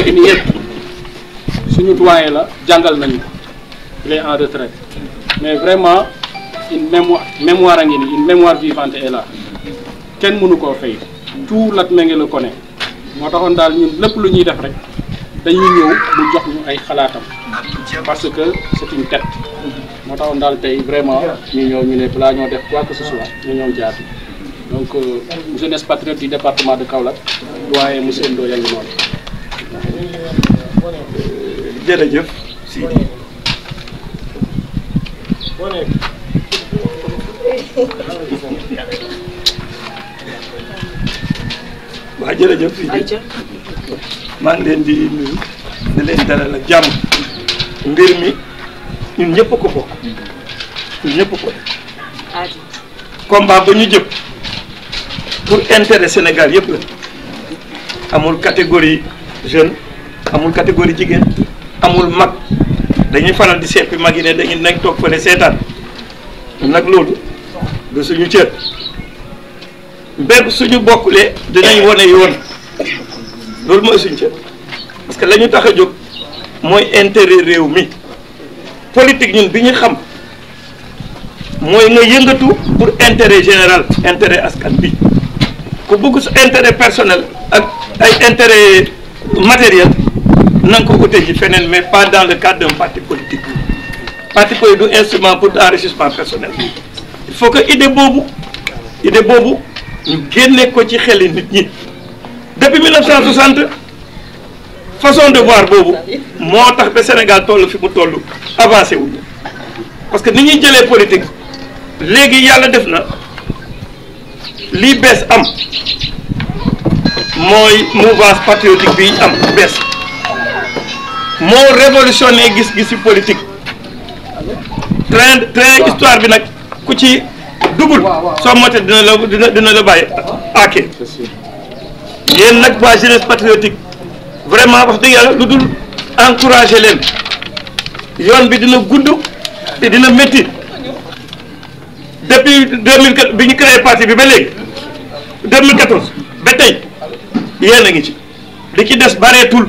nekk ni yépp suñu doyen la jàngal nañu ko il est en retraite mais vraiment une mémoire mémoire a ngi ni une mémoire vivante est là kenn mënu koo fay tout lat me ngi la connaît moo taxoon daal ñun lépp lu ñuy def rek dañuy ñëw mu jox ñu ay xalaatam parce que c'est une tête moo taxoon daal tey vraiment ñu ñëw ñu ne balaa ñoo def quoi que ce soit ñu ñëw jaar donc euh, jeunesse patriote du département de Kaolack doyen monsieur Ndoye ngi jërëjëf Sidi waa ngi leen di nuyu di leen dalal ak jàmm mbir mi ñun ñëpp ko bokk ñun ñëpp ko combat ba ñu jëpp pour intérêt Sénégal yëpp la amul catégorie jeune amul catégorie jigéen amul mag dañuy faral di seet bi mag yi ne dañuy nekk toog fële seetaan nag loolu du suñu cër mbéb suñu bokkulee dinañ wane yoon loolu mooy suñu cër parce que la tax a jóg mooy intérêt réew mi politique ñun bi ñu xam mooy nga yëngatu pour intérêt général intérêt askan bi ku bëgg su intérêt personnel ak ay intérêt matériel na nga mais pas dans le cadre d'un parti politique parti politique du instrument pour enrichissement personnel il faut que idée bobo, idée bobo, ñu génne ko ci xeli nit ñi depuis 1960 façon de voir boobu moo tax ba Sénégal toll fi mu toll avancé parce que ni ñuy jëlee politique léegi yàlla def na lii bees am mooy mouvance patriotique bi am bees moo ne gis-gisi politique train train histoire bi nag ku ci dugul soo mootee dina la dina dina bàyyi aake yéen nag waa jeunesse patriotique vraiment wax dëgg yàlla lu dul encouragé leen yoon bi dina gudd te dina métti depuis 2004 bi ñu créé parti bi ba léegi 2014 ba tey yéen a ngi ci li ci des bareetul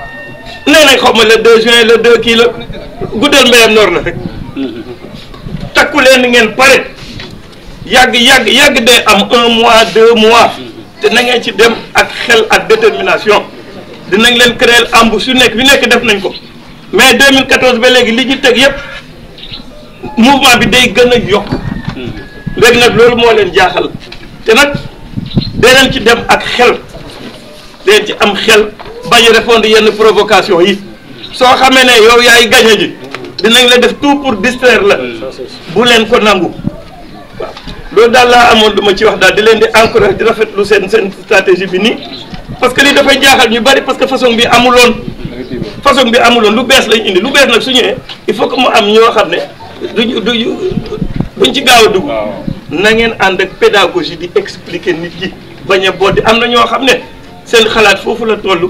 nee nañ xaw ma le 2 juin le 2 kii la guddal mbéyam noor na rek takku ngeen pare yàgg yàgg yàgg day am un mois deux mois te na ngeen ci dem ak xel ak détermination dinañ leen créer ambu su nekk bi nekk def nañ ko mais 2014 ba léegi li ñu teg yëpp mouvement bi day gën a yokk léegi nag loolu moo leen jaaxal te nag dee leen ci dem ak xel dee ci am xel. bañ répondre yenn provocation yi so xamé né yow yaay gagné ji dinañ la def tout pour distraire la bu len ko nangou lo dal la amone duma ci wax dal di len di encourage di lu sen sen stratégie bi ni parce que li dafa jaxal ñu bari parce que façon bi amuloon façon bi amuloon lu bess lañ indi lu bees nak suñu il faut que mu am ño xamné du du buñ ci gaaw a na ngeen and ak pédagogie di expliquer nit ki baña a amna ño xamné sen xalaat fofu la tollu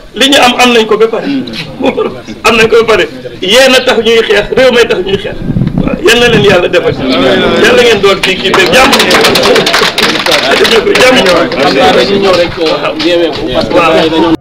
li ñu am am nañ ko ba pare am nañ ko ba pare yéen tax ñuy xeex réew may tax ñuy xeex waaw yal na leen yàlla defal yàlla ngeen doon kii kii ba jàmm jàmm waaw